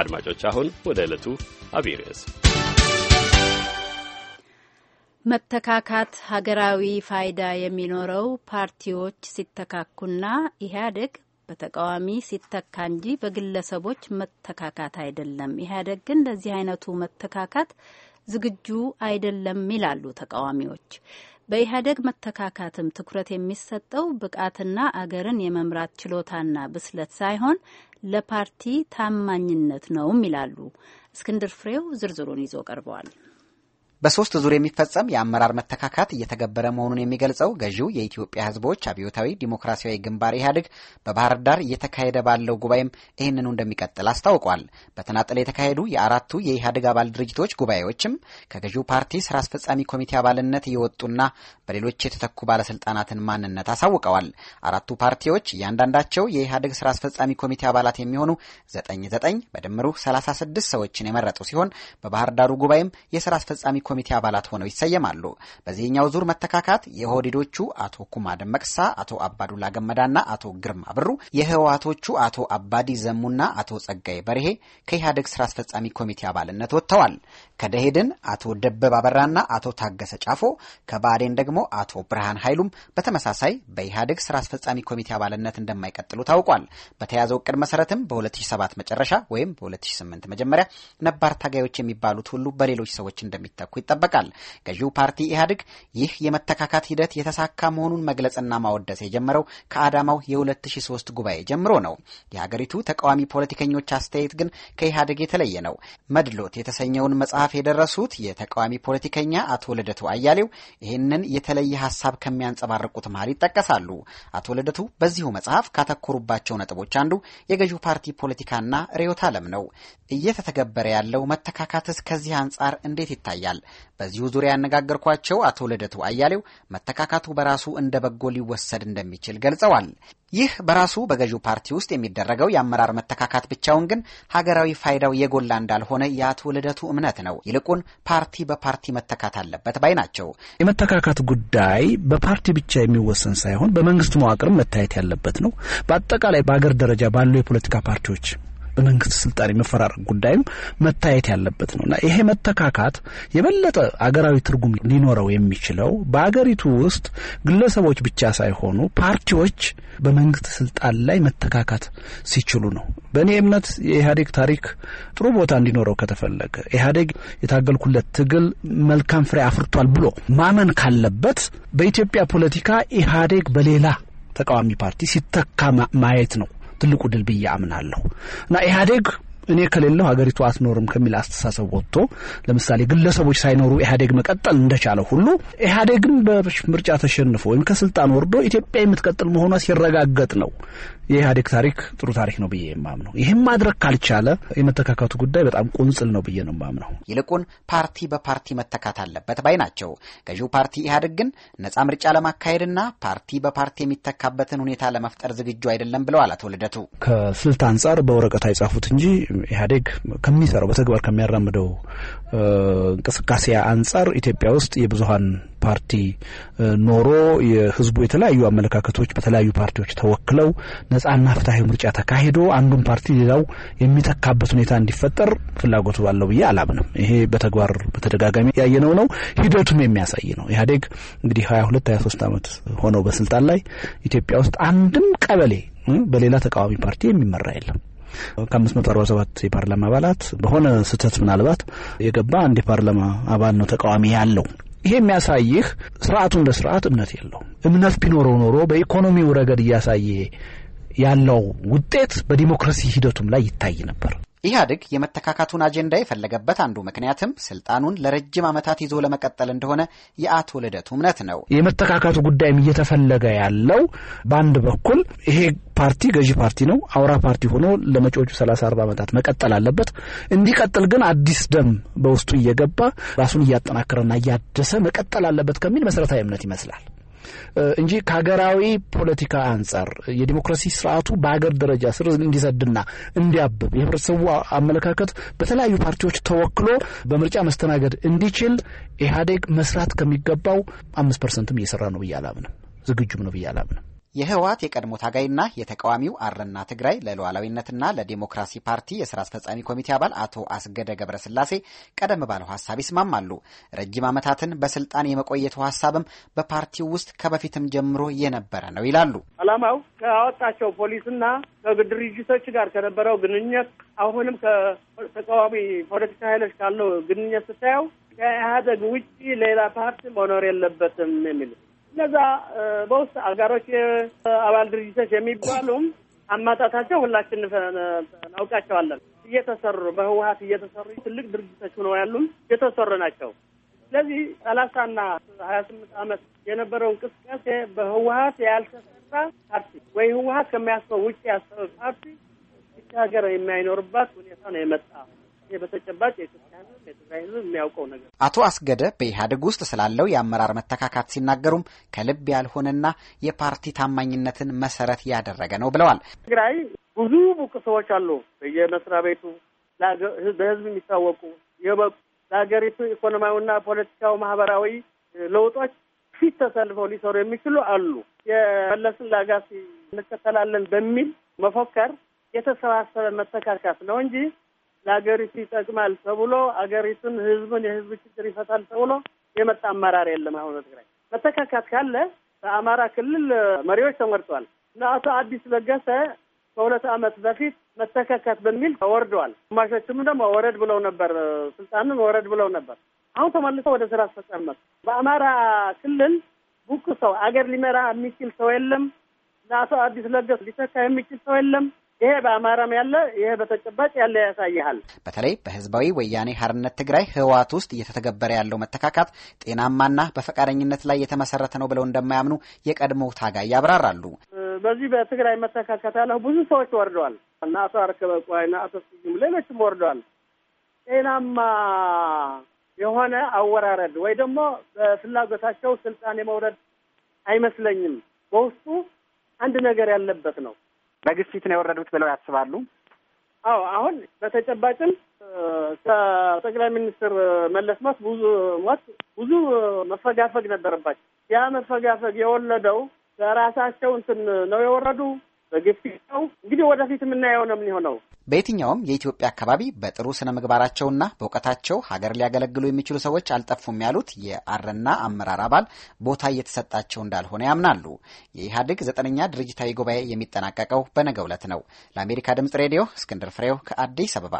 አድማጮች አሁን ወደ ዕለቱ አብይ ርዕስ መተካካት ሀገራዊ ፋይዳ የሚኖረው ፓርቲዎች ሲተካኩና ኢህአዴግ በተቃዋሚ ሲተካ እንጂ በግለሰቦች መተካካት አይደለም። ኢህአዴግ ግን ለዚህ አይነቱ መተካካት ዝግጁ አይደለም ይላሉ ተቃዋሚዎች። በኢህአደግ መተካካትም ትኩረት የሚሰጠው ብቃትና አገርን የመምራት ችሎታና ብስለት ሳይሆን ለፓርቲ ታማኝነት ነውም ይላሉ። እስክንድር ፍሬው ዝርዝሩን ይዞ ቀርበዋል። በሶስት ዙር የሚፈጸም የአመራር መተካካት እየተገበረ መሆኑን የሚገልጸው ገዢው የኢትዮጵያ ሕዝቦች አብዮታዊ ዲሞክራሲያዊ ግንባር ኢህአዴግ በባህር ዳር እየተካሄደ ባለው ጉባኤም ይህንኑ እንደሚቀጥል አስታውቋል። በተናጠል የተካሄዱ የአራቱ የኢህአዴግ አባል ድርጅቶች ጉባኤዎችም ከገዢው ፓርቲ ስራ አስፈጻሚ ኮሚቴ አባልነት እየወጡና በሌሎች የተተኩ ባለስልጣናትን ማንነት አሳውቀዋል። አራቱ ፓርቲዎች እያንዳንዳቸው የኢህአዴግ ስራ አስፈጻሚ ኮሚቴ አባላት የሚሆኑ ዘጠኝ ዘጠኝ በድምሩ ስድስት ሰዎችን የመረጡ ሲሆን በባህር ዳሩ ጉባኤም የስራ አስፈጻሚ ኮሚቴ አባላት ሆነው ይሰየማሉ። በዚህኛው ዙር መተካካት የሆዲዶቹ አቶ ኩማ ደመቅሳ፣ አቶ አባዱላ ገመዳና አቶ ግርማ ብሩ፣ የህወሓቶቹ አቶ አባዲ ዘሙና አቶ ጸጋይ በርሄ ከኢህአዴግ ስራ አስፈጻሚ ኮሚቴ አባልነት ወጥተዋል። ከደሄድን አቶ ደበብ አበራና አቶ ታገሰ ጫፎ፣ ከባዴን ደግሞ አቶ ብርሃን ኃይሉም በተመሳሳይ በኢህአዴግ ስራ አስፈጻሚ ኮሚቴ አባልነት እንደማይቀጥሉ ታውቋል። በተያዘው እቅድ መሰረትም በ2007 መጨረሻ ወይም በ2008 መጀመሪያ ነባር ታጋዮች የሚባሉት ሁሉ በሌሎች ሰዎች እንደሚተኩ ይጠበቃል። ገዢው ፓርቲ ኢህአዴግ ይህ የመተካካት ሂደት የተሳካ መሆኑን መግለጽና ማወደስ የጀመረው ከአዳማው የ2003 ጉባኤ ጀምሮ ነው። የሀገሪቱ ተቃዋሚ ፖለቲከኞች አስተያየት ግን ከኢህአዴግ የተለየ ነው። መድሎት የተሰኘውን መጽሐፍ የደረሱት የተቃዋሚ ፖለቲከኛ አቶ ልደቱ አያሌው ይህንን የተለየ ሀሳብ ከሚያንጸባርቁት መሀል ይጠቀሳሉ። አቶ ልደቱ በዚሁ መጽሐፍ ካተኮሩባቸው ነጥቦች አንዱ የገዢው ፓርቲ ፖለቲካና ርዕዮተ ዓለም ነው። እየተተገበረ ያለው መተካካትስ ከዚህ አንጻር እንዴት ይታያል? በዚሁ ዙሪያ ያነጋገርኳቸው አቶ ልደቱ አያሌው መተካካቱ በራሱ እንደ በጎ ሊወሰድ እንደሚችል ገልጸዋል። ይህ በራሱ በገዢው ፓርቲ ውስጥ የሚደረገው የአመራር መተካካት ብቻውን ግን ሀገራዊ ፋይዳው የጎላ እንዳልሆነ የአቶ ልደቱ እምነት ነው። ይልቁን ፓርቲ በፓርቲ መተካት አለበት ባይ ናቸው። የመተካካት ጉዳይ በፓርቲ ብቻ የሚወሰን ሳይሆን በመንግስት መዋቅርም መታየት ያለበት ነው። በአጠቃላይ በአገር ደረጃ ባሉ የፖለቲካ ፓርቲዎች በመንግስት ስልጣን የመፈራረቅ ጉዳይም መታየት ያለበት ነውና ይሄ መተካካት የበለጠ አገራዊ ትርጉም ሊኖረው የሚችለው በአገሪቱ ውስጥ ግለሰቦች ብቻ ሳይሆኑ ፓርቲዎች በመንግስት ስልጣን ላይ መተካካት ሲችሉ ነው። በእኔ እምነት የኢህአዴግ ታሪክ ጥሩ ቦታ እንዲኖረው ከተፈለገ ኢህአዴግ የታገልኩለት ትግል መልካም ፍሬ አፍርቷል ብሎ ማመን ካለበት በኢትዮጵያ ፖለቲካ ኢህአዴግ በሌላ ተቃዋሚ ፓርቲ ሲተካ ማየት ነው ትልቁ ድል ብዬ አምናለሁ እና ኢህአዴግ እኔ ከሌለው ሀገሪቱ አትኖርም ከሚል አስተሳሰብ ወጥቶ ለምሳሌ ግለሰቦች ሳይኖሩ ኢህአዴግ መቀጠል እንደቻለ ሁሉ ኢህአዴግን በምርጫ ተሸንፎ ወይም ከስልጣን ወርዶ ኢትዮጵያ የምትቀጥል መሆኗ ሲረጋገጥ ነው የኢህአዴግ ታሪክ ጥሩ ታሪክ ነው ብዬ የማምነው። ይህም ማድረግ ካልቻለ የመተካካቱ ጉዳይ በጣም ቁንጽል ነው ብዬ ነው የማምነው። ይልቁን ፓርቲ በፓርቲ መተካት አለበት ባይ ናቸው። ገዢው ፓርቲ ኢህአዴግ ግን ነጻ ምርጫ ለማካሄድና ፓርቲ በፓርቲ የሚተካበትን ሁኔታ ለመፍጠር ዝግጁ አይደለም ብለዋል አቶ ልደቱ። ከስልት አንጻር በወረቀት አይጻፉት እንጂ ኢህአዴግ ከሚሰራው በተግባር ከሚያራምደው እንቅስቃሴ አንጻር ኢትዮጵያ ውስጥ የብዙሀን ፓርቲ ኖሮ የህዝቡ የተለያዩ አመለካከቶች በተለያዩ ፓርቲዎች ተወክለው ነጻና ፍትሐዊ ምርጫ ተካሂዶ አንዱን ፓርቲ ሌላው የሚተካበት ሁኔታ እንዲፈጠር ፍላጎቱ ባለው ብዬ አላምንም። ይሄ በተግባር በተደጋጋሚ ያየነው ነው። ሂደቱም የሚያሳይ ነው። ኢህአዴግ እንግዲህ ሀያ ሁለት ሀያ ሶስት ዓመት ሆነው በስልጣን ላይ ኢትዮጵያ ውስጥ አንድም ቀበሌ በሌላ ተቃዋሚ ፓርቲ የሚመራ የለም። ከአምስት መቶ አርባ ሰባት የፓርላማ አባላት በሆነ ስህተት ምናልባት የገባ አንድ የፓርላማ አባል ነው ተቃዋሚ ያለው ይሄ የሚያሳይህ ስርዓቱ እንደ ስርዓት እምነት የለውም። እምነት ቢኖረው ኖሮ በኢኮኖሚው ረገድ እያሳየ ያለው ውጤት በዲሞክራሲ ሂደቱም ላይ ይታይ ነበር። ኢህአዴግ የመተካካቱን አጀንዳ የፈለገበት አንዱ ምክንያትም ስልጣኑን ለረጅም ዓመታት ይዞ ለመቀጠል እንደሆነ የአቶ ልደቱ እምነት ነው። የመተካካቱ ጉዳይም እየተፈለገ ያለው በአንድ በኩል ይሄ ፓርቲ ገዢ ፓርቲ ነው፣ አውራ ፓርቲ ሆኖ ለመጪዎቹ ሰላሳ አርባ ዓመታት መቀጠል አለበት። እንዲቀጥል ግን አዲስ ደም በውስጡ እየገባ ራሱን እያጠናከረና እያደሰ መቀጠል አለበት ከሚል መሰረታዊ እምነት ይመስላል። እንጂ ከሀገራዊ ፖለቲካ አንጻር የዲሞክራሲ ስርዓቱ በሀገር ደረጃ ስር እንዲሰድና እንዲያብብ የህብረተሰቡ አመለካከት በተለያዩ ፓርቲዎች ተወክሎ በምርጫ መስተናገድ እንዲችል ኢህአዴግ መስራት ከሚገባው አምስት ፐርሰንትም እየሰራ ነው ብዬ አላምንም። ዝግጁም ነው ብዬ አላምንም። የህወሓት የቀድሞ ታጋይና የተቃዋሚው አረና ትግራይ ለሉዓላዊነትና ለዲሞክራሲ ፓርቲ የስራ አስፈጻሚ ኮሚቴ አባል አቶ አስገደ ገብረስላሴ ቀደም ባለው ሀሳብ ይስማማሉ። ረጅም ዓመታትን በስልጣን የመቆየቱ ሀሳብም በፓርቲው ውስጥ ከበፊትም ጀምሮ የነበረ ነው ይላሉ። አላማው ከወጣቸው ፖሊስና ከድርጅቶች ጋር ከነበረው ግንኙነት አሁንም ከተቃዋሚ ፖለቲካ ኃይሎች ካለው ግንኙነት ስታየው ከኢህአደግ ውጭ ሌላ ፓርቲ መኖር የለበትም የሚል እነዛ በውስጥ አጋሮች አባል ድርጅቶች የሚባሉም አማጣታቸው ሁላችን እናውቃቸዋለን። እየተሰሩ በህወሀት እየተሰሩ ትልቅ ድርጅቶች ሆነው ያሉም የተሰሩ ናቸው። ስለዚህ ሰላሳና ሀያ ስምንት አመት የነበረው እንቅስቃሴ በህወሀት ያልተሰራ ፓርቲ ወይ ህወሀት ከሚያስበው ውጭ ያሰበ ፓርቲ ሀገር የማይኖርባት ሁኔታ ነው የመጣ በተጨባጭ የኢትዮጵያ ሕዝብ የትግራይ የሚያውቀው ነገር። አቶ አስገደ በኢህአዴግ ውስጥ ስላለው የአመራር መተካካት ሲናገሩም ከልብ ያልሆነና የፓርቲ ታማኝነትን መሰረት ያደረገ ነው ብለዋል። ትግራይ ብዙ ብቁ ሰዎች አሉ። በየመስሪያ ቤቱ በህዝብ የሚታወቁ የበቁ ለሀገሪቱ ኢኮኖሚያዊና ፖለቲካዊ ማህበራዊ ለውጦች ፊት ተሰልፈው ሊሰሩ የሚችሉ አሉ። የመለስን ላጋሲ እንከተላለን በሚል መፎከር የተሰባሰበ መተካካት ነው እንጂ ለሀገሪቱ ይጠቅማል ተብሎ ሀገሪቱን፣ ህዝብን፣ የህዝብ ችግር ይፈታል ተብሎ የመጣ አመራር የለም። አሁን ትግራይ መተካካት ካለ በአማራ ክልል መሪዎች ተመርጧል እና አቶ አዲስ ለገሰ ከሁለት ዓመት በፊት መተካካት በሚል ወርደዋል። ግማሾችም ደግሞ ወረድ ብለው ነበር፣ ስልጣንን ወረድ ብለው ነበር። አሁን ተመልሶ ወደ ስራ አስፈጻሚ በአማራ ክልል ቡቅ ሰው አገር ሊመራ የሚችል ሰው የለም። ለአቶ አዲስ ለገሰ ሊተካ የሚችል ሰው የለም። ይሄ በአማራም ያለ ይሄ በተጨባጭ ያለ ያሳይሃል። በተለይ በህዝባዊ ወያኔ ሀርነት ትግራይ ህወሓት ውስጥ እየተተገበረ ያለው መተካካት ጤናማና በፈቃደኝነት ላይ የተመሰረተ ነው ብለው እንደማያምኑ የቀድሞ ታጋይ ያብራራሉ። በዚህ በትግራይ መተካካት ያለው ብዙ ሰዎች ወርደዋል እና አቶ አርከበ ቋይና አቶ ስዩም ሌሎችም ወርደዋል። ጤናማ የሆነ አወራረድ ወይ ደግሞ በፍላጎታቸው ስልጣን የመውረድ አይመስለኝም። በውስጡ አንድ ነገር ያለበት ነው። በግፊት ነው የወረዱት ብለው ያስባሉ? አዎ አሁን በተጨባጭም ከጠቅላይ ሚኒስትር መለስ ሞት ብዙ ሞት ብዙ መፈጋፈግ ነበረባቸው። ያ መፈጋፈግ የወለደው በራሳቸው እንትን ነው የወረዱ በግፊት ነው። እንግዲህ ወደፊት የምናየው ነው የሚሆነው። በየትኛውም የኢትዮጵያ አካባቢ በጥሩ ስነ ምግባራቸውና በእውቀታቸው ሀገር ሊያገለግሉ የሚችሉ ሰዎች አልጠፉም ያሉት የአረና አመራር አባል ቦታ እየተሰጣቸው እንዳልሆነ ያምናሉ። የኢህአዴግ ዘጠነኛ ድርጅታዊ ጉባኤ የሚጠናቀቀው በነገው ዕለት ነው። ለአሜሪካ ድምጽ ሬዲዮ እስክንድር ፍሬው ከአዲስ አበባ